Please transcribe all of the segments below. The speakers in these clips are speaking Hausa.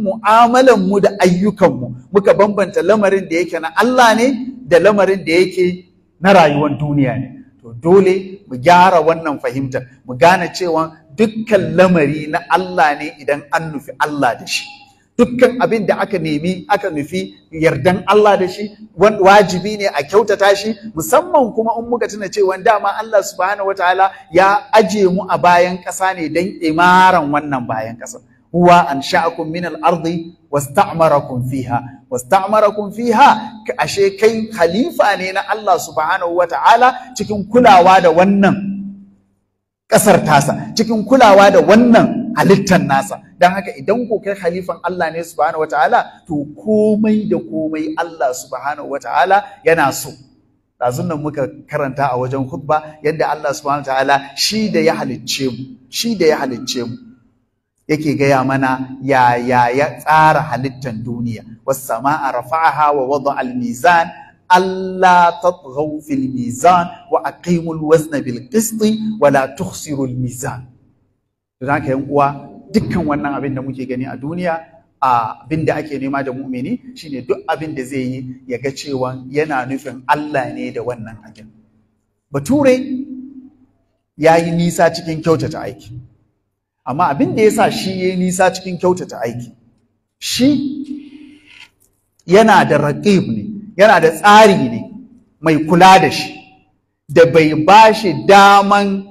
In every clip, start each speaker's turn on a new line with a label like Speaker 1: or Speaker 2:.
Speaker 1: mu'amalanmu da ayyukanmu muka bambanta lamarin da yake na Allah ne da lamarin da yake na rayuwar duniya ne to dole mu gyara wannan fahimtar mu gane cewa dukkan lamari na Allah ne idan an nufi Allah da shi dukkan abin da aka nemi aka nufi yardan Allah da shi wajibi ne a kyautata shi musamman kuma in muka tuna cewa dama Allah subhanahu wataala ya aje mu a bayan ƙasa ne don imaran wannan bayan ƙasa huwa ansha'akum min al-ardi wasta'marakum fiha wasta'marakum fiha ashe kai khalifa ne na Allah subhanahu ta'ala cikin kulawa da wannan kasar tasa cikin kulawa da wannan halittar nasa don haka idan ko kai khalifan Allah ne subhanahu ta'ala, to komai da komai Allah subhanahu ta'ala yana so ɗazun nan muka karanta a wajen khutba yadda Allah subhanahu wataala shi da ya halicce mu shi da ya halicce mu yake gaya mana ya ya ya tsara halittar duniya was sama'a rafa'aha wa wada al mizan ta fil mizan wa aqimul wazna bil qist wa la tukhsiru mizan to zaka yan uwa dukkan wannan abin da muke gani a duniya abin da ake nema da mu'mini shine duk abin da zai yi ya ga cewa yana nufin Allah ne da wannan abin bature ya yi nisa cikin kyautata aiki amma abin da ya sa shi ya yi nisa cikin kyautata aiki shi yana da raƙib ne yana da tsari ne mai kula da shi da bai ba shi daman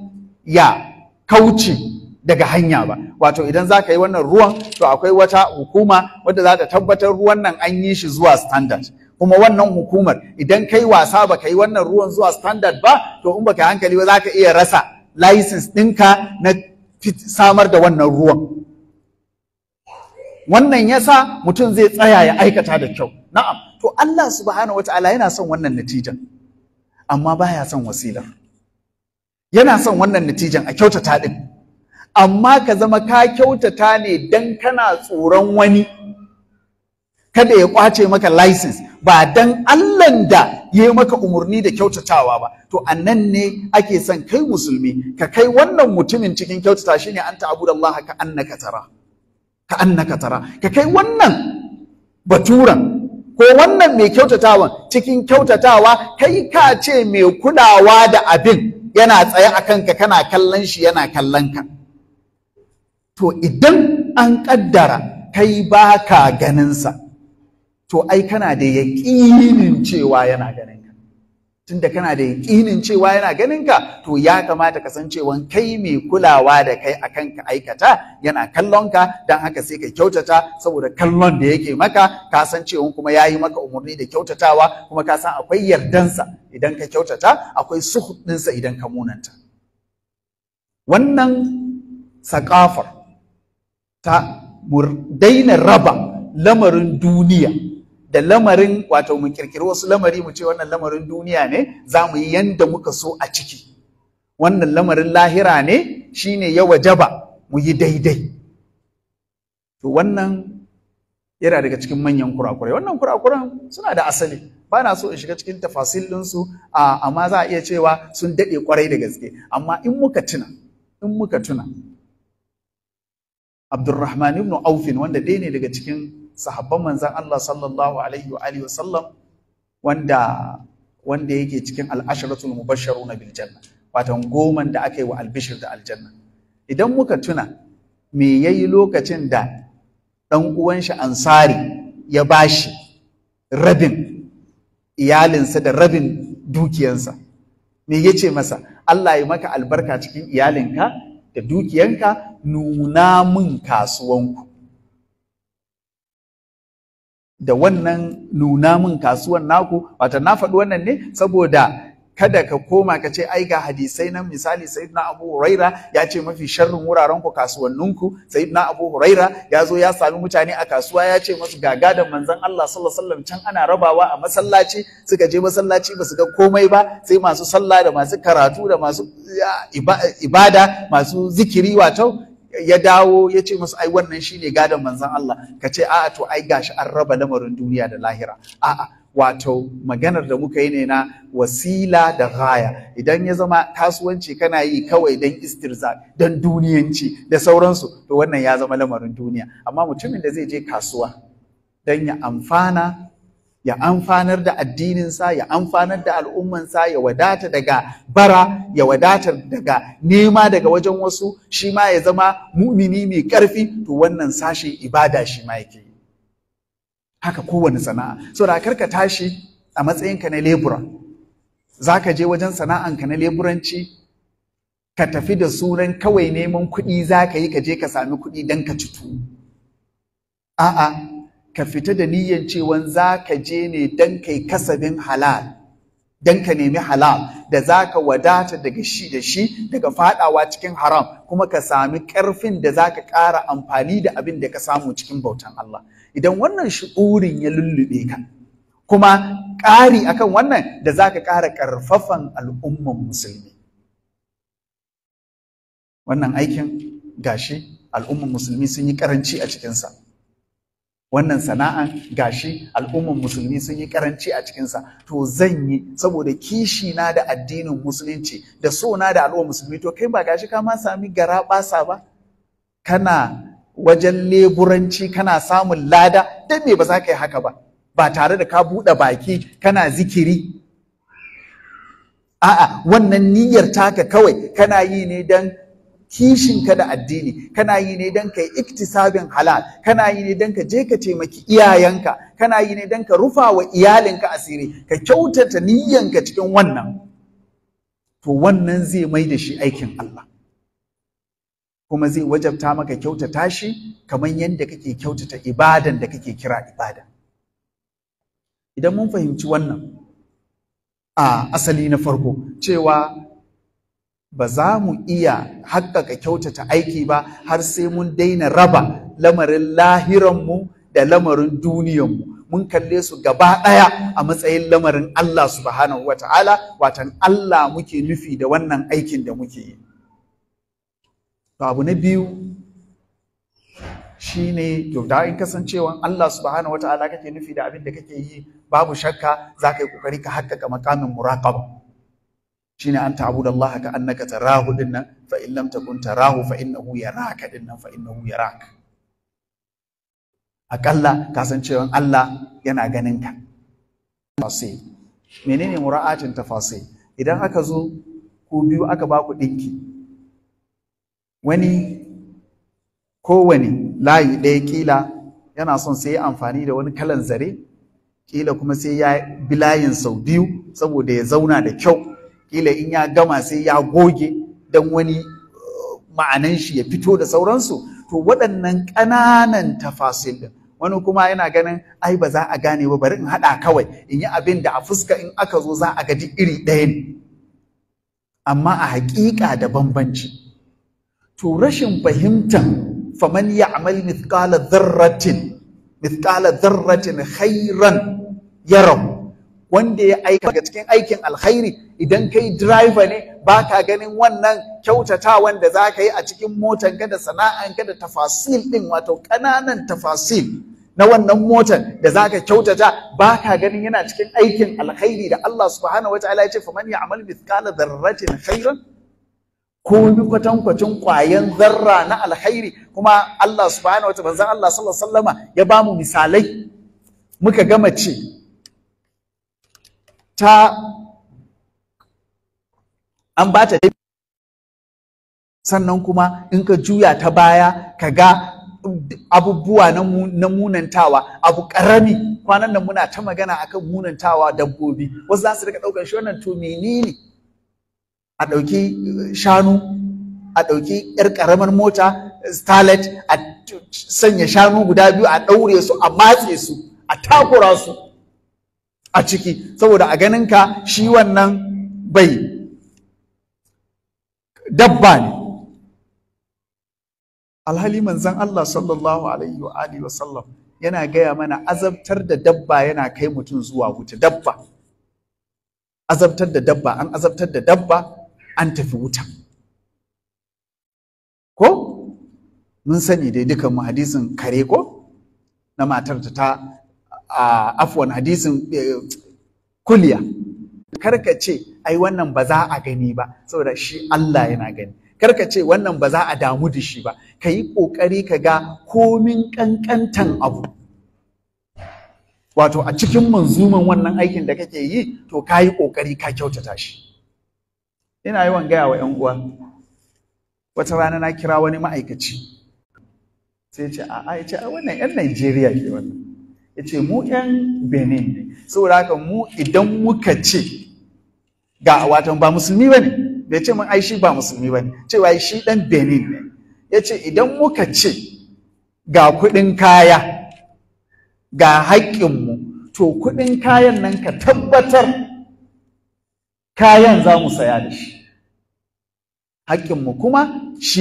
Speaker 1: ya kauce daga hanya ba wato idan za ka yi wannan ruwan to akwai wata hukuma wadda za ta tabbatar ruwan nan an yi shi zuwa standard kuma wannan hukumar idan kai wasa ba ka yi wannan ruwan zuwa standard ba to in ba baka hankali ba za ka iya rasa license ɗinka na samar da wannan ruwan wannan yasa mutum zai tsaya ya aikata da kyau na'am to Allah subhanahu wataala yana son wannan natijan amma baya son wasilar yana son wannan natijan a kyautata din amma ka zama ka kyautata ne dan kana tsoron wani kada ya kwace maka license ba dan Allahn da ya yi maka umarni da kyautatawa ba to annan ne ake son kai musulmi ka kai wannan mutumin cikin kyautata shine anta abudallaha ka annaka tara ka annaka tara ka kai wannan baturan ko wannan mai kyautatawan cikin kyautatawa kai ka ce mai kulawa da abin yana tsaye a kanka kana kallon shi yana kallon ka to idan an kaddara kai baka ganin ganinsa to ai kana da yaƙinin cewa yana ganin ka tunda kana da yaƙinin cewa yana ganin ka to ya kamata ka san kasancewan kai mai kulawa da kai akan ka aikata yana kallon ka don haka sai ka kyautata saboda kallon da yake maka ka san cewa kuma ya yi maka umarni da kyautatawa kuma ka san akwai yardansa idan ka kyautata akwai suhudinsa idan ka munanta wannan sakafar ta daina raba lamarin duniya da lamarin wato mu kirkiri wasu lamari mu ce wannan lamarin duniya ne za mu yi yanda muka so a ciki wannan lamarin lahira ne shine ya wajaba mu yi daidai to wannan yana daga cikin manyan kurakurai wannan kurakuran suna da asali ba na so in shiga cikin tafasil ɗinsu amma za a iya cewa sun daɗe kwarai da gaske amma in muka tuna in muka tuna Abdulrahman ibn Aufin wanda ɗaya ne daga cikin sahabban manzan Allah sallallahu alaihi wanda yake cikin al'asharatul mubasharu na biljanna watan goman da aka yi wa albishir da aljanna idan muka tuna me ya yi lokacin da dan uwan shi ansari ya ba shi rabin iyalinsa da rabin dukiyansa me yace masa Allah ya maka albarka cikin iyalinka da dukiyanka nuna mun kasuwanku da wannan nuna min kasuwan naku wata na faɗi wannan ne saboda kada ka koma ka ce ai ga hadisai nan misali sayyidina Abu Huraira ya ce mafi sharrin wuraren ku kasuwanninku sayyidina Abu Huraira ya zo ya sami mutane a kasuwa ya ce masu gaga da manzon Allah sallallahu alaihi wasallam can ana rabawa a masallaci suka je masallaci ba su ga komai ba sai masu sallah da masu karatu da masu ibada masu zikiri wato ya dawo ya ce masu ai wannan shine gadon manzon Allah ka ce a'a to ai gashi an raba lamarin duniya da lahira a'a wato maganar da muka yi ne na wasila da raya. idan ya zama kasuwanci kana yi kawai don istirza don duniyanci da sauransu to wannan ya zama lamarin duniya amma mutumin da zai je kasuwa don ya amfana ya amfanar da addininsa ya amfanar da al'ummansa ya wadata daga bara ya wadata daga nema daga wajen wasu shi ma ya zama mu'mini mai ƙarfi to wannan sashe ibada shi ma yake haka kowane sana'a so da karka tashi a matsayinka na lebura za ka je wajen sana'anka na leburanci ka tafi da sunan kawai neman kuɗi za ka yi ka je ka sami kuɗi don ka cutu a'a ka fita da niyyar cewan za ka je ne don kai kasabin halal don ka nemi halal da za ka wadata daga shi da shi daga fadawa cikin haram kuma ka sami karfin da za ka kara amfani da abin da ka samu cikin bautan Allah idan wannan shi'urin ya lullube ka kuma ƙari akan wannan da za ka kara ƙarfafan al'umman musulmi wannan aikin gashi al'umman musulmi sun yi karanci a cikinsa wannan sana'an gashi al'umman musulmi sun yi karanci a cikinsa to zan yi saboda kishi na da addinin musulunci da so na da al'umman musulmi to kai ba gashi ka ma sami gara basa ba kana wajen leburanci kana samun lada dan me ba za ka yi haka ba ba tare da ka buɗe baki kana zikiri a'a wannan niyyar taka kawai kana yi ne dan Kishin ka da addini kana yi ne don ka yi iktisabin halal kana yi ne don ka je ka taimaki iyayenka kana yi ne don ka rufa wa iyalinka asiri ka kyautata niyyanka cikin wannan to wannan zai mai da shi aikin Allah kuma zai wajabta maka kyautata shi kamar yadda kake kyautata ibadan da kake kira ibada idan mun fahimci wannan a asali na farko cewa ba za mu iya haƙƙaƙa kyautata aiki ba har sai mun daina raba lamarin lahiranmu da lamarin duniyanmu mun kalle su gaba ɗaya a matsayin lamarin Allah subhanahu wa ta'ala watan Allah muke nufi da wannan aikin da muke yi to abu na biyu shine kyauta in kasancewan Allah subhanahu ta'ala kake nufi da abin da kake yi babu shakka za ka yi kokari ka haƙƙaƙa makamin muraƙaba shine an Allah ka annaka tarahu dinnan fa in lam takun tarahu fa innahu yaraka dinnan fa innahu yaraka akalla kasancewan Allah yana ganin ka tafasi menene mura'atin tafasir idan aka zo ku biyu aka ba ku dinki wani kowane layi ɗaya ƙila yana son sai ya amfani da wani kalan zare kila kuma sai ya bi layin sau biyu saboda ya zauna da kyau kila in ya gama sai ya goge don wani eh, ma'anan shi ya fito da sauransu to waɗannan ƙananan tafasil wani kuma yana ganin ai ba za a gane ba bari in haɗa kawai in yi abin da a fuska in aka zo za a gaji iri ɗaya ne amma a haƙiƙa da bambanci to rashin fahimtar faman ya'mal mithqala dharratin mithqala dharratin khairan yarahu wanda ya aika daga cikin aikin alkhairi idan kai driver ne baka ganin wannan kyautatawan da za ka yi a cikin motanka da sana'anka da tafasil ɗin wato kananan tafasil na wannan motan da za ka kyautata ba ka ganin yana cikin aikin alkhairi da Allah subhanahu wataala ya ce faman ya'mal mithqala dharratin khairan ko bi kwatankwacin kwayan zarra na alkhairi kuma Allah subhanahu wataala manzon Allah sallallahu alaihi wasallama ya bamu misalai muka gama ce. ta an ba ta sannan kuma in ka juya ta baya ka ga abubuwa na munantawa abu karami kwanan nan muna ta magana akan munantawa dabbobi wasu za su rika ɗaukar shi wannan to menene a ɗauki shanu a ɗauki ƴar ƙaramar mota starlet a sanya shanu guda biyu a ɗaure su a matse su a takura su a ciki saboda a ganinka shi wannan bai dabba ne alhali manzan Allah sallallahu alaihi wa sallam yana gaya mana azabtar da dabba yana kai mutum zuwa wuta dabba azabtar da dabba an azabtar da dabba an tafi wuta ko mun sani dai dukan mu hadisin kare ko na matar ta A afwan hadisin eh, kuliya karka ce ai wannan ba za a gani ba saboda shi Allah yana gani karka ce wannan ba za a damu da shi ba ka yi ƙoƙari ka ga komin ƙanƙantan abu wato a cikin manzuman wannan aikin da kake yi to ka yi ƙoƙari ka kyautata shi ina yawan gaya wa 'yan wata rana na kira wani ma'aikaci sai ce a ce a wannan 'yan Najeriya ke wannan ya ce mu 'yan benin ne saboda haka mu idan muka ce ga watan ba musulmi ba ne ya ce mun ai shi ba musulmi ba ne cewa shi ɗan benin ne ya ce idan muka ce ga kuɗin kaya ga haƙƙinmu to kuɗin kayan nan ka tabbatar kayan za mu saya da shi haƙƙinmu kuma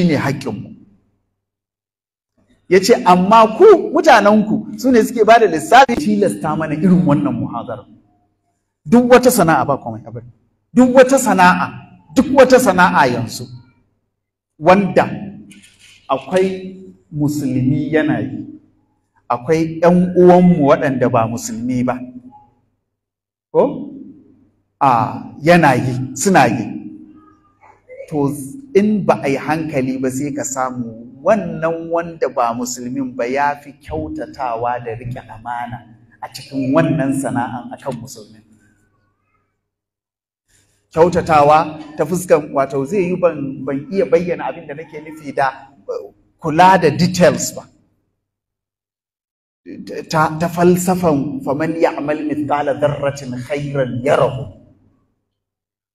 Speaker 1: shi ne haƙƙinmu ya ce amma ku mutanenku su ne suke ba da lissafi tilasta mana irin wannan muhazara duk wata sana'a ba komai abin duk wata sana'a duk wata sana'a yanzu wanda akwai musulmi yana yi akwai 'yan uwanmu waɗanda ba musulmi ba ko a yana yi suna yi to in ba a yi hankali ba sai ka samu wannan wanda ba musulmin ba ya fi kyautatawa da riƙe amana a cikin wannan sana'an akan musulmin kyautatawa ta fuskan wato zai yi ban, iya bayyana abin da nake nufi da uh, kula da details ba ta, ta falsafan faman ya'mal mithqala dharratin khairan yarahu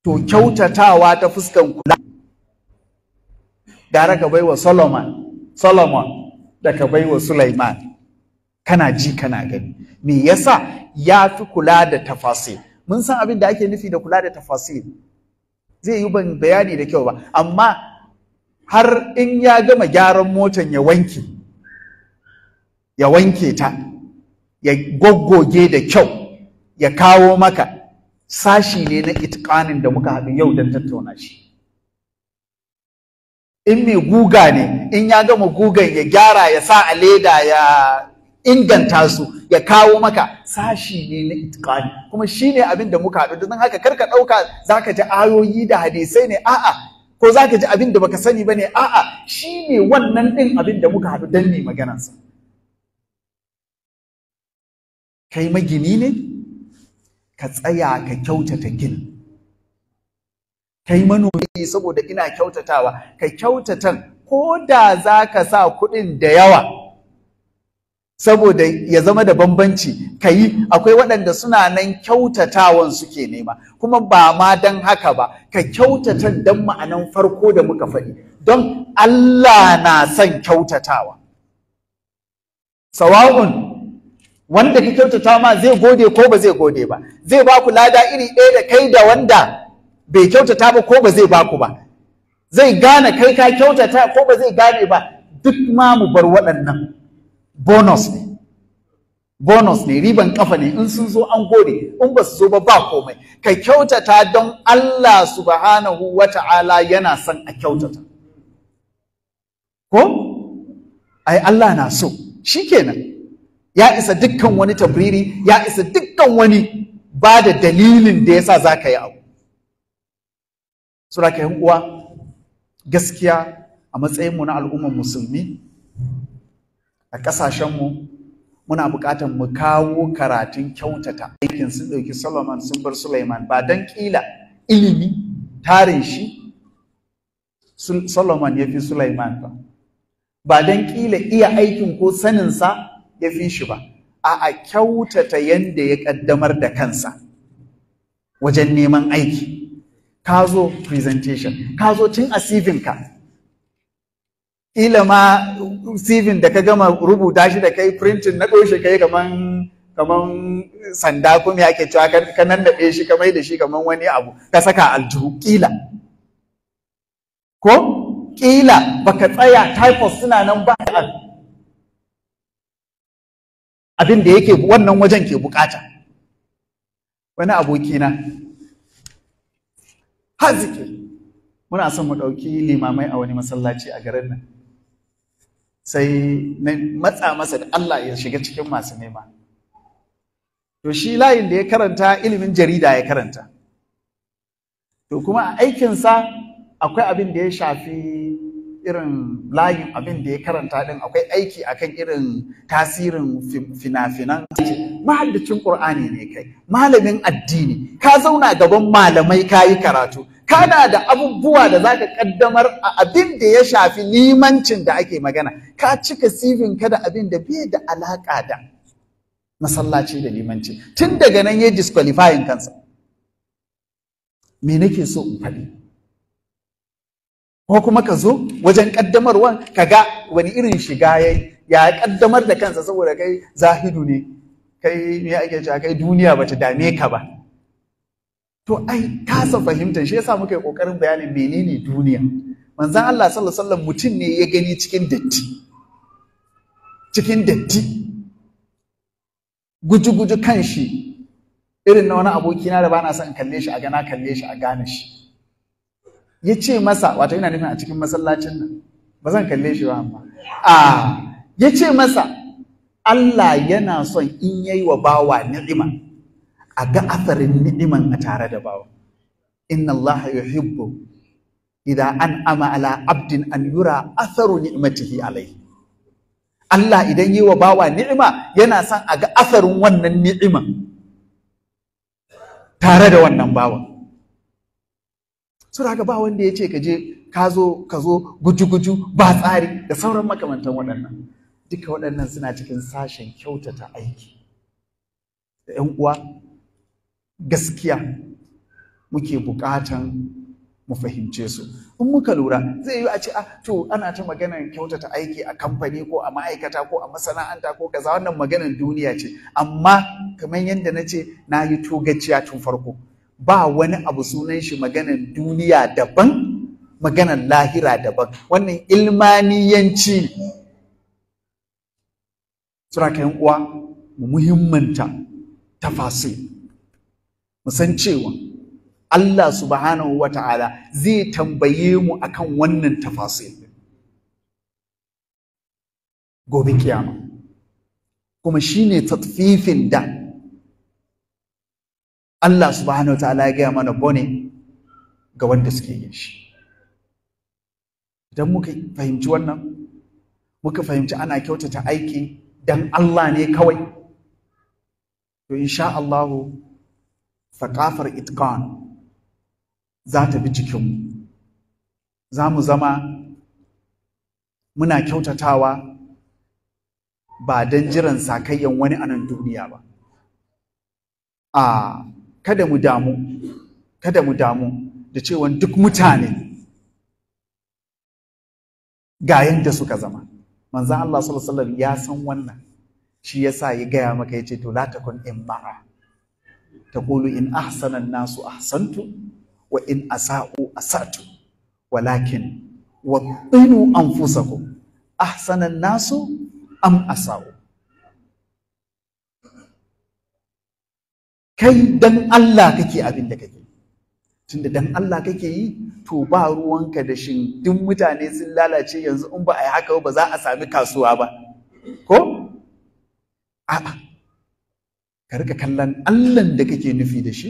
Speaker 1: to kyautatawa ta fuskan kula gara ka baiwa Solomon Solomon da ka baiwa Sulaiman kana ji kana gani me yasa ya fi kula da tafasil mun san abin da ake nufi da kula da tafasil zai yi ban bayani da kyau ba amma har in ya gama gyaran motan ya wanke ya wanke ta ya goggoge da kyau ya kawo maka sashi ne na itƙanin da muka haɗu yau don tattauna shi in mai guga ne in ya gama gugan ya gyara ya sa a leda ya inganta su ya kawo maka sashi ne na itikani kuma shi ne abin da muka haɗu don haka karka ɗauka za ka ji ayoyi da hadisai ne a'a ko za ka ji abin da baka sani ba ne a'a shi ne wannan ɗin abin da muka haɗu don ne maganansa kai magini ne ka tsaya ka kyautata gini kai manomi saboda ina kyautatawa ka kyautata ko da za ka sa kuɗin da yawa saboda ya zama da bambanci ka yi akwai waɗanda suna nan kyautatawan suke nema kuma ba ma don haka ba ka kyautata don ma'anan farko da muka faɗi don Allah na son kyautatawa sawa'un wanda ka kyautata ma zai gode ko ba zai gode ba zai ba ku lada iri ɗaya da kai da wanda bai kyautata ba ko ba zai baku ba zai gane kai ka kyautata ko ba zai gane ba duk ma mu bar waɗannan bonus ne bonus ne riban kafa ne in sun zo an gode in ba su zo ba ba komai ka kyautata don Allah subhanahu ta'ala yana son a kyautata ko ai Allah na so shikenan ya isa dukkan wani tabriri ya isa dukkan wani ba da dalilin da yasa ka yi abu saboda ka yan uwa gaskiya a matsayinmu na al'ummar musulmi a ƙasashenmu muna buƙatar mu kawo karatun kyautata aikin sun ɗauki Solomon sun bar Sulaiman ba don ƙila ilimi tarin shi Solomon ya fi Sulaiman ba ba don ƙila iya aikin ko saninsa ya fi shi ba a a kyautata yadda ya ƙaddamar da kansa wajen neman aiki ka zo presentation ka zo cin a ka Ila ma cv da ka gama rubuta shi da kai printing na ɗoshe kai kaman kaman sanda kuma ake cewa ka nannaɗe shi ka da shi kaman wani abu ka saka aljuhu ƙila ko ƙila baka tsaya typhus suna nan ba abin da yake wannan wajen ke bukata wani abokina har muna son mu ɗauki limamai a wani masallaci a garin nan sai na matsa masa da Allah ya shiga cikin masu nema to shi layin da ya karanta ilimin jarida ya karanta to kuma a aikinsa akwai abin da ya shafi irin layin abin da ya karanta din akwai aiki akan irin tasirin fina-finan mahaddacin qur'ani ne kai malamin addini ka zauna gaban malamai ka yi karatu kana da abubuwa da zaka kaddamar a abin da ya shafi limancin da ake magana ka cika sivin ka da abin da bai da alaƙa da masallaci da limanci tun daga nan ya disqualifying kansa me nake so in faɗi ko kuma ka zo wajen kaddamarwan ka ga wani irin shiga yi ya kaddamar da kansa saboda kai zahidu ne kai me ake cewa kai duniya bata dame ka ba to ai kasa fahimtar shi yasa muka yi kokarin bayanin menene duniya manzon Allah sallallahu alaihi mutum ne ya gani cikin datti cikin datti guji-guji kan shi irin na wani abokina da bana son kalle shi a gana kalle shi a gane shi ya ce masa wato yana nufin a cikin masallacin nan ba zan kalle shi ba amma a ya ce masa Allah yana son in yayi wa bawa ni'ima a ga asarin ni'iman a tare da bawa inna Allah yuhibbu idan an ama ala abdin an yura asaru ni'matihi alaihi Allah idan yi wa bawa ni'ima yana son a ga asarin wannan ni'iman tare da wannan bawan Su raga ba wanda ya ce ka je ka zo ka zo guju-guju ba tsari da sauran makamantan waɗannan duka waɗannan suna cikin sashen kyautata aiki da 'yan uwa gaskiya muke buƙatan mu fahimce su in muka lura zai yi a ce ah to ana ta maganar kyautata aiki a kamfani ko a ma'aikata ko a masana'anta ko kaza wannan maganar duniya ce amma kamar yadda na ce na yi togaciya tun farko ba wani abu sunan shi maganan duniya daban maganan lahira daban wannan ilmaniyanci sura kayan uwa mu muhimmanta tafasi mu san cewa Allah subhanahu wa ta'ala zai tambaye mu akan wannan tafasi gobe kiyama kuma shine tatfifin da Allah subhanahu wa ta'ala ya gaya mana bone ga wanda suke yin shi idan muka fahimci wannan muka fahimci ana kyautata aiki dan Allah ne kawai to insha Allah faƙafar itqan za ta bi jikinmu za mu zama muna kyautatawa ba don jiran sakayyan wani a nan duniya ba ah, kada mu damu kada mu damu da cewa duk mutane ga yadda suka zama manzan Allah sallallahu ya san wannan shi yasa ya gaya maka ya yace to la takun Ta taqulu in ahsana an-nasu ahsantu wa in asa'u asatu walakin wattinu anfusakum ahsana an-nasu am asa'u kai dan Allah kake abin da kake tunda dan Allah kake yi to ba ruwanka da shin duk mutane sun lalace yanzu in ba a yi haka ba za a sami kasuwa ba ko a'a ka rika kallon Allahn da kake nufi da shi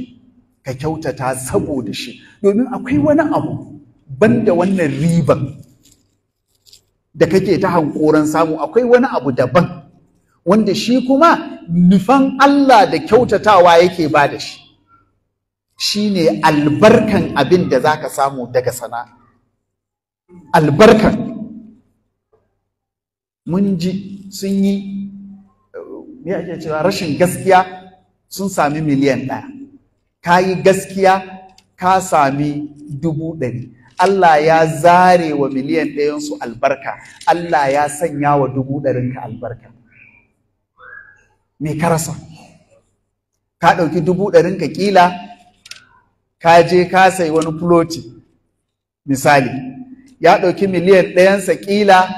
Speaker 1: ka kyautata saboda shi domin akwai wani abu banda wannan riban da kake ta hankoran samu akwai wani abu daban wanda shi kuma nufan Allah da kyautatawa yake ba da shi shine albarkan abin da za ka samu daga sana albarkan mun ji sun yi me ake cewa rashin gaskiya sun sami miliyan ɗaya ka yi gaskiya ka sami dubu ɗari Allah ya zare wa miliyan ɗayansu albarka Allah ya sanya wa dubu ɗarinka albarka me ka rasa ka ɗauki dubu ɗarin ka ƙila ka je ka sayi wani fuloti misali ya ɗauki miliyan ɗayansa ƙila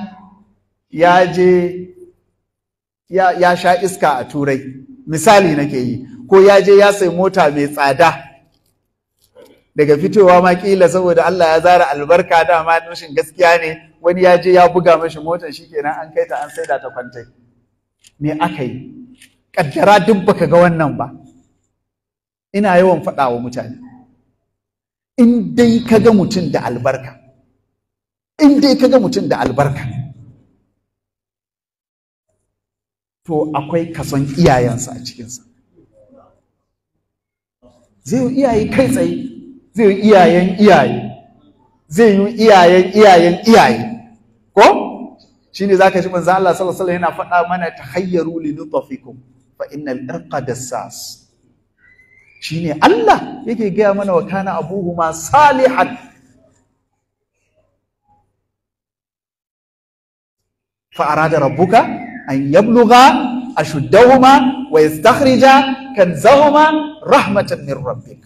Speaker 1: ya je ya sha iska a turai misali nake yi ko ya je ya sai mota mai tsada daga fitowa ma ƙila saboda Allah ya zara albarka dama nushin gaskiya ne wani ya je ya buga mashi motar shikenan an kai ta an saida ta kwantai me aka yi kaddara duk baka ga wannan ba ina yawan faɗa wa mutane in dai ka ga mutum da albarka in dai ka ga mutum da albarka to akwai kason iyayensa a cikinsa zai yi iyaye kai tsaye zai yi iyayen iyaye zai yi iyayen iyayen iyaye ko shine zaka ji manzo Allah sallallahu alaihi wasallam yana faɗa mana tahayyaru li nutafikum فإن الإرقى دساس شيني الله يجي قيامنا وكان أبوهما صالحا فأراد ربك أن يبلغ أشدهما ويستخرج كنزهما رحمة من ربك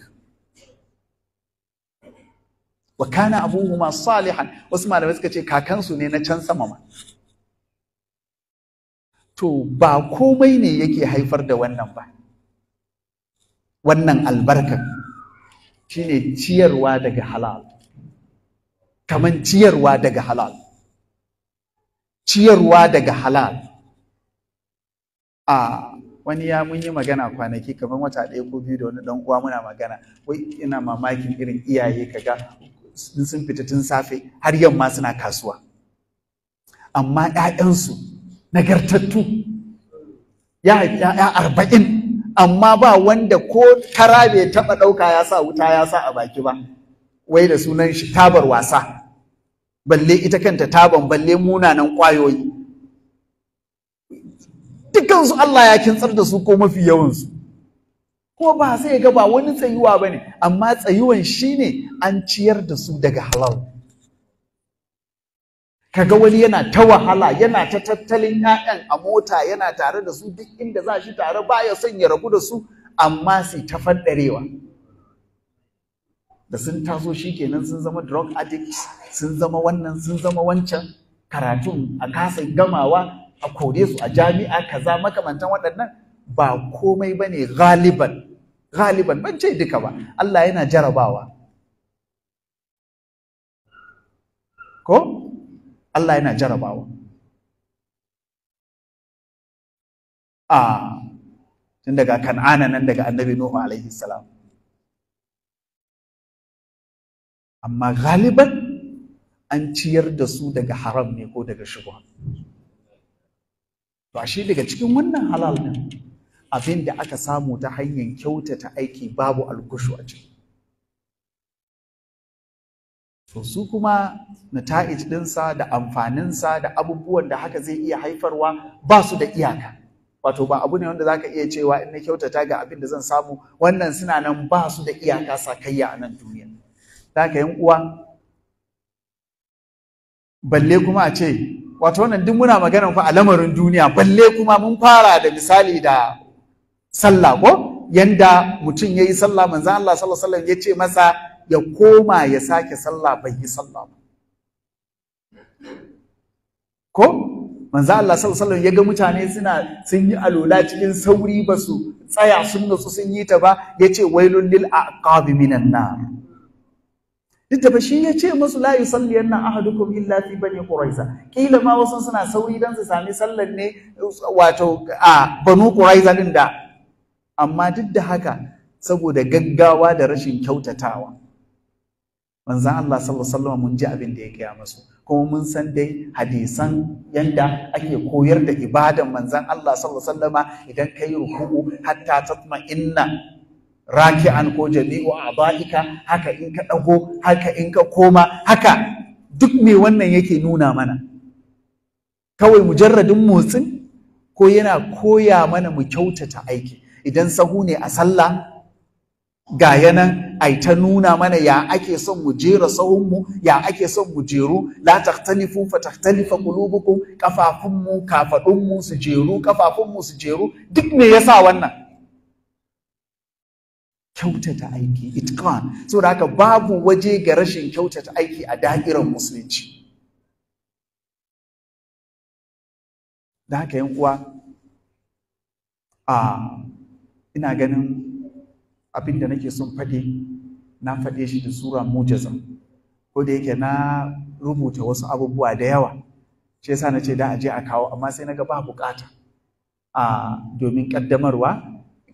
Speaker 1: وكان أبوهما صالحا واسمع لما تكتشي كاكنسو نينا چنسا to ba komai ne yake haifar da wannan ba wannan albarkar shine ciyarwa daga halal kaman ciyarwa daga halal ciyarwa daga halal a wani ya mun yi magana kwanaki kamar wata ɗaya ko biyu da wani ɗan uwa muna magana wai ina mamakin irin iyaye kaga sun fita tun safe har yamma suna kasuwa amma 'ya'yansu nagartattu ya haifi ‘ya'ya arba'in amma ba wanda ko kara bai taɓa ɗauka ya sa wuta ya sa a baki ba wai da sunan shi tabar wasa balle ita kanta taban balle munanan ƙwayoyi dukansu Allah ya kintsar da su ko mafi yawansu ko ba sai ga ba wani tsayuwa ba ne amma tsayuwan shine an ciyar da su daga halal kaga wani yana ta wahala yana ta tattalin 'ya'yan a mota yana tare da su duk inda za shi tare ba ya son ya ragu da su amma su ta faddarewa da sun taso kenan sun zama drug addicts sun zama wannan sun zama wancan karatun a kasan gamawa a kore su a jami'a kaza makamantan waɗannan ba komai ba ne galiban galiban ban ce duka ba Allah yana jarabawa ko Allah yana jarabawa a tun daga kan'ana nan daga annabi nuhu alaihi salam amma galiban an ciyar da su daga haram ne ko daga shubha to shi daga cikin wannan halal din abin da aka samu ta hanyar kyautata aiki babu alkushu a ciki to su kuma nata'ij ɗinsa da amfaninsa da abubuwan da haka zai iya haifarwa ba su da iyaka wato ba abu ne wanda zaka iya cewa in na kyautata ga abin da zan samu wannan suna nan ba su da iyaka sakayya a nan duniya zaka yan uwa balle kuma a ce wato wannan duk muna magana fa a lamarin duniya balle kuma mun fara da misali da sallah ko yanda mutum yi sallah manzan Allah sallallahu alaihi wasallam ya ce masa ya koma ya sake sallah bai yi sallah ba ko manzo Allah sallallahu alaihi ya ga mutane suna sun yi alola cikin sauri ba su tsaya sun nutsu sun yi ta ba Ya ce wailun lil aqab minan nar ba shi ya ce masu la yusalli yanna ahadukum illa fi bani quraiza kila ma wasu suna sauri dan su sami sallar ne wato a banu quraiza din da amma duk da haka saboda gaggawa da rashin kyautatawa manzan Allah sallallahu alaihi mun ji abin da ya gaya masu. kuma mun san dai hadisan yanda ake koyar da ibadan manzan Allah sallallahu alaihi wasallama idan kai ruku'u hatta tatma inna raki'an ko jami'u a'dha'ika haka in ka dago haka in ka koma haka duk me wannan yake nuna mana kawai mujarradin motsin ko yana koya mana mu kyautata aiki idan sahu ne a sallah ga yanan ai ta nuna mana ya ake son mu jera sahun mu ya ake son mu jeru la taqtalifu fa taqtalifa qulubukum kafafun mu kafadun mu su jeru kafafun mu su jeru duk me yasa wannan kyautata aiki itqan saboda haka babu waje ga rashin kyautata aiki a da'irar musulunci da haka yan uwa a ina ganin abin da nake son faɗi na faɗe shi da sura mujaza ko da yake na rubuta wasu abubuwa da yawa shi sa na ce da a je a kawo amma sai na ga ba bukata a domin kaddamarwa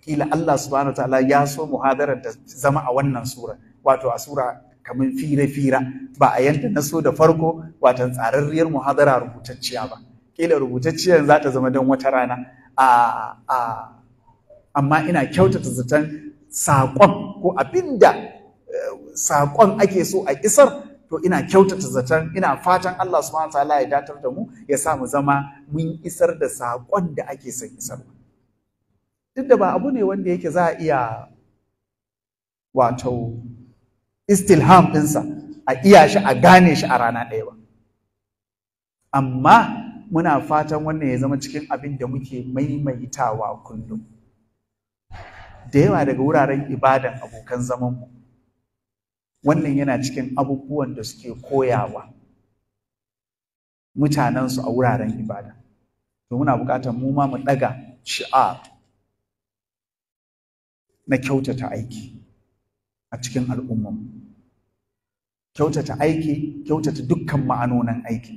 Speaker 1: kila Allah subhanahu ta'ala ya so muhadarar da zama a wannan sura wato a sura kamar fira-fira ba a yanda na so da farko wato tsararriyar muhadara rubutacciya ba kila rubutacciyar za ta zama don wata rana a amma ina kyautata zaton saƙon ko abinda saƙon ake so a isar to ina kyautata zaton ina fatan Allah subhanahu ta'ala ya datar da mu ya sa mu zama mun isar da saƙon da ake son isar duk da ba abu ne wanda yake za a iya wato istilham ɗinsa a iya shi a gane shi a rana ɗaya ba amma muna fatan wannan ya zama cikin abin da muke maimaitawa kullum da yawa daga wuraren ibadan abokan zamanmu wannan yana cikin abubuwan da suke koyawa mutanensu a wuraren ibada to muna buƙatar mu ma mu ɗaga shi'ar na kyautata aiki a cikin al'ummanmu kyautata aiki kyautata dukkan ma'anonin aiki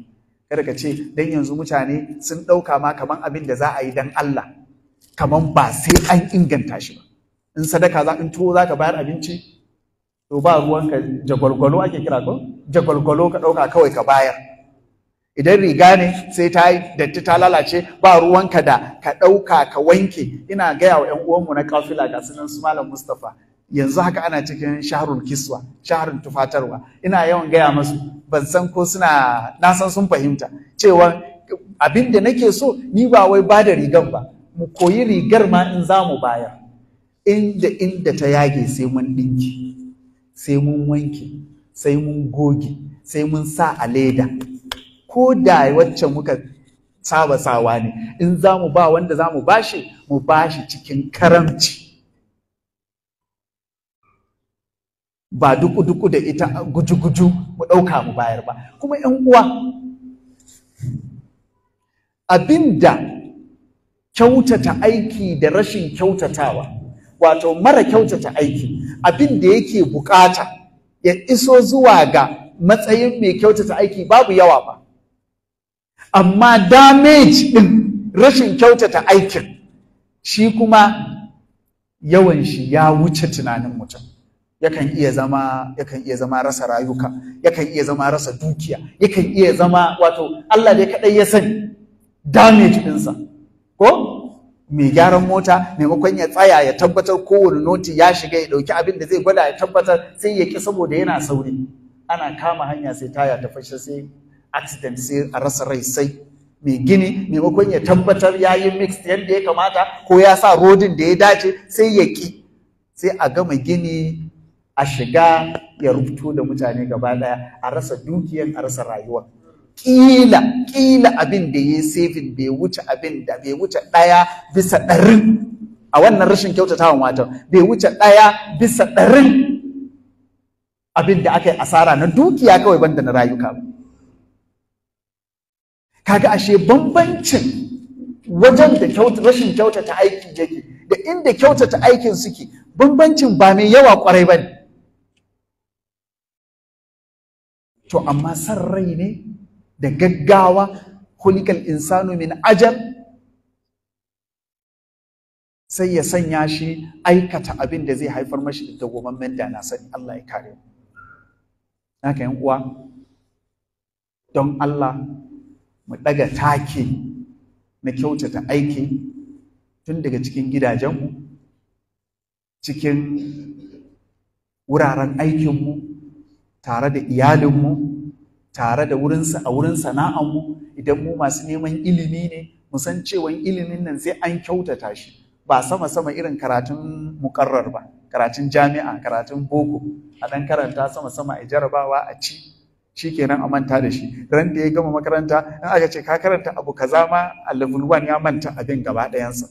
Speaker 1: kada ka ce dan yanzu mutane sun ɗauka ma kamar abin da za a yi dan Allah kamar ba sai an inganta shi ba in sadaka in tuwo za ka bayar abinci to ba ruwanka jagwalgwalo ake kira ko jagwalgwalo ka ɗauka kawai ka bayar idan riga ne sai ta yi datti ta lalace ba ruwanka da ka ɗauka ka wanke ina gaya wa 'yan uwanmu na kafila ga sunan su malam mustapha yanzu haka ana cikin shaharul kiswa shaharul tufatarwa ina yawan gaya masu ban san ko suna na san sun fahimta cewa abin da nake so ni ba wai ba da rigan ba mu koyi rigar ma in za mu bayar inda inda ta yage sai mun ɗinki sai mun wanke sai mun goge sai mun sa a leda ko da wacce muka saba sawa ne in za mu ba wanda za mu bashi mu bashi cikin karamci ba duku-duku da ita guju-guju mu ɗauka mu bayar ba kuma ‘yan uwa abin da kyautata aiki da rashin kyautatawa wato mara kyautata aiki abin da yake bukata ya iso zuwa ga matsayin mai kyautata aiki babu yawa ba amma damage din rashin kyautata aikin shi kuma yawan shi ya wuce tunanin mutum yakan iya zama yakan iya zama rasa rayuka yakan iya zama rasa dukiya yakan iya zama wato Allah ne kadai ya sani damage ɗinsa ko mai gyaran mota maimakon ya tsaya ya tabbatar kowane noti ya shiga ya ɗauki abin da zai gwada ya tabbatar sai ya ki saboda yana sauri ana kama hanya sai taya ta fashe sai accident sai a rasa rai sai mai gini maimakon ya tabbatar ya yi mix yadda ya kamata ko ya sa rodin da ya dace sai ya ki sai a gama gini a shiga ya rubuto da mutane gaba ɗaya a rasa dukiyar a rasa rayuwa. kila kila abin da yayi saving bai wuce abin da bai wuce ɗaya bisa ɗarin a wannan rashin kyautatawan watan bai wuce ɗaya bisa ɗarin abin da aka yi asara na dukiya kawai banda na rayuka ba kaga ashe bambancin wajen da rashin kyautata aiki yake da inda kyautata aikin suke bambancin ba mai yawa kwarai ba ne to amma san rai ne da gaggawa kulikal insanu min ajal sai ya sanya shi aikata abin da zai haifar mashi da gomammen da na sani Allah ya kare mu haka yan uwa don Allah mu daga take na kyautata aiki tun daga cikin gidajenmu cikin wuraren aikinmu tare da iyalinmu tare da wurinsa a wurin sana'anmu idan mu masu neman ilimi ne mu san cewa ilimin nan sai an kyautata shi ba sama sama irin karatun mukarrar ba karatun jami'a karatun boko a dan karanta sama sama a jarabawa a ci kenan a manta da shi ran da ya gama makaranta in aka ce ka karanta abu kaza ma a level 1 ya manta abin gaba ɗayansa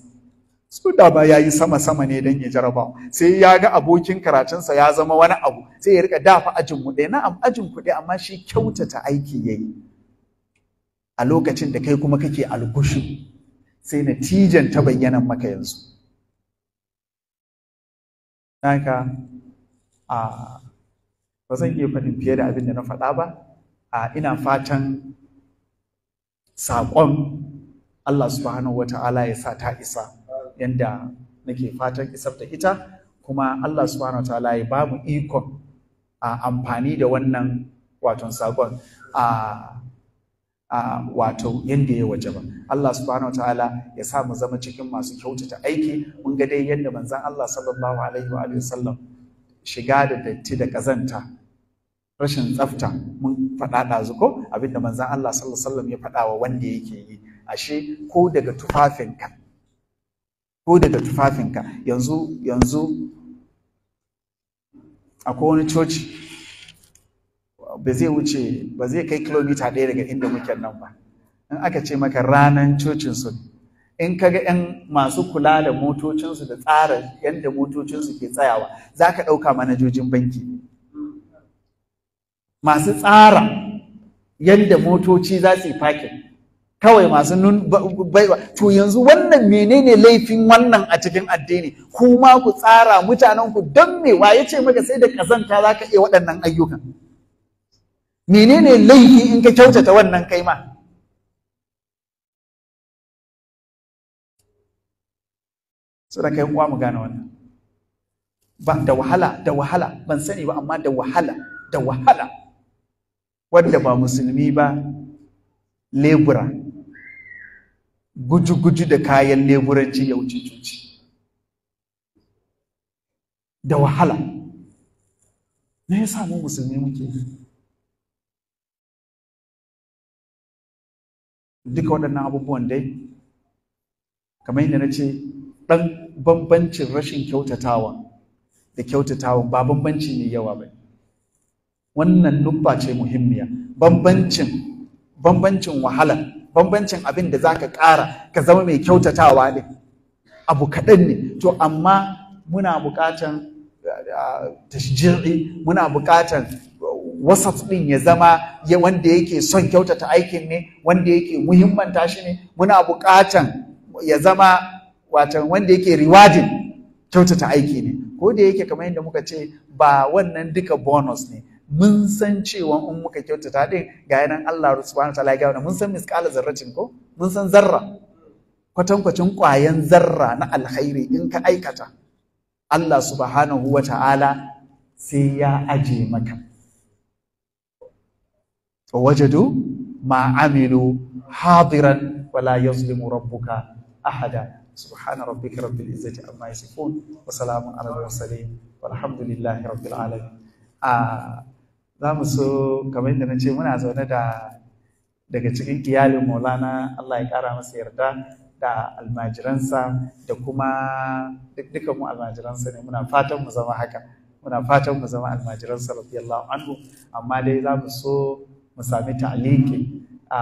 Speaker 1: su da ba ya yi sama-sama ne don ya jaraba sai ya ga abokin karatunsa ya zama wani abu sai ya rika dafa ajin kuɗi na na'am ajin kuɗi, amma shi kyautata aiki ya yi a lokacin da kai kuma kake algushu sai natijan ta bayyana maka yanzu Naka, a ba zan iya faɗin fiye da abin da na faɗa ba a ina fatan saƙon Allah subhanahu wa ta'ala ya sa ta isa yanda nake fatan isar da ita kuma Allah subhanahu wataala ya bamu ikon a amfani da wannan waton sakon a a wato yanda ya waje ba Allah subhanahu ya sa mu zama cikin masu kyautata aiki mun ga dai yanda manzon Allah sallallahu alaihi wa sallam shiga da datti da kazanta rashin tsafta mun faɗa ɗazu ko abinda manzon Allah sallallahu alaihi wa ya faɗa wa wanda yake yi ashe ko daga tufafinka ko daga tufafinka yanzu yanzu akwai wani coci ba zai wuce ba zai kai kilomita ɗaya daga inda muke nan ba in aka ce maka ranar cocinsu in ka ga 'yan masu kula da motocinsu da tsara yadda motocinsu ke tsayawa za ka ɗauka manajojin banki masu tsara yadda motoci za su yi fakin kawai masu nun baiwa to yanzu wannan menene laifin wannan a cikin addini kuma ku tsara mutanen ku don me wa yace maka sai da kazanta zaka iya waɗannan ayyukan menene laifi in ka kyautata wannan kai ma sai kai kuwa mu gane wannan ba da wahala da wahala ban sani ba amma da wahala da wahala wanda ba musulmi ba lebura guji-guji da kayan leburanci ya wuce cuci da wahala me yasa mu musulmi muke duka waɗannan abubuwan dai kamar yadda na ce ɗan bambancin rashin kyautatawa da kyautatawa ba bambanci ne yawa ba wannan nuffa ce muhimmiya bambancin bambancin wahala bambancin abin da za ka ƙara ka zama mai kyautatawa ne abu kaɗan ne to amma muna buƙatan tashjir'i muna buƙatan wasaf ɗin ya zama wanda yake son kyautata aikin ne wanda yake muhimmanta shi ne muna buƙatan ya zama watan wanda yake riwadin kyautata aiki ne ko da yake kamar yadda muka ce ba wannan duka bonus ne mun san cewa in muka kyautata din ga yanan Allah subhanahu wataala ya wannan mun san misqala zarratin ko mun san zarra kwatankwacin ƙwayan zarra na alkhairi in ka aikata Allah subhanahu wataala sai ya aje maka wajadu ma amilu hadiran wala yuzlimu rabbuka ahada subhana rabbika rabbil izzati amma yasifun wa salamun ala mursalin walhamdulillahi rabbil alamin ah, za mu so kamar yadda na ce muna zaune da daga cikin iyalin maulana Allah ya kara masa yarda da almajiransa da kuma dukkan mu almajiransa ne muna fatan mu zama haka muna fatan mu zama almajiransa radiyallahu anhu amma dai za mu so mu sami ta'aliki a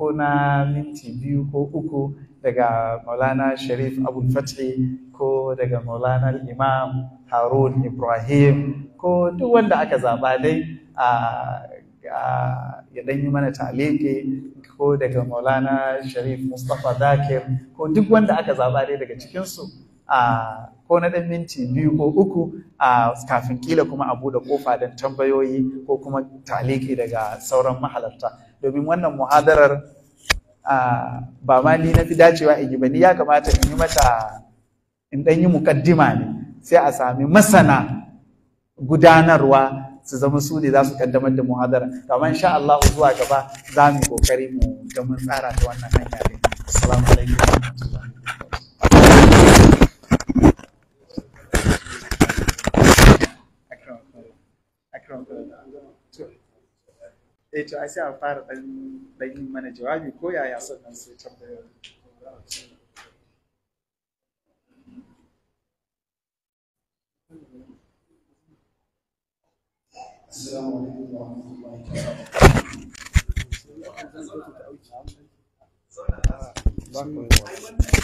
Speaker 1: ko na minti biyu ko uku daga maulana sharif abul fathi ko daga maulana imam harun ibrahim ko duk wanda aka zaba dai ya dan yi mana taleke ko daga maulana sharif mustapha zakir ko duk wanda aka zaba dai daga cikinsu ko na ɗan minti biyu ko uku a kafin kila kuma a buɗe kofa don tambayoyi ko kuma taliki daga sauran mahalarta domin wannan muhadarar ba ma ni na fi dacewa in yi ba ya kamata in yi mata in ɗan yi mukaddima ne sai a sami masana gudanarwa su zama su ne za su kaddamar da muhadara to amma insha Allah zuwa gaba za mu kokari mu ga mun tsara ta wannan hanya ne assalamu alaikum eh to ai sai a fara dan dan yin mana jawabi ko yaya sannan sai tambayar السلام عليكم ورحمة الله تعالى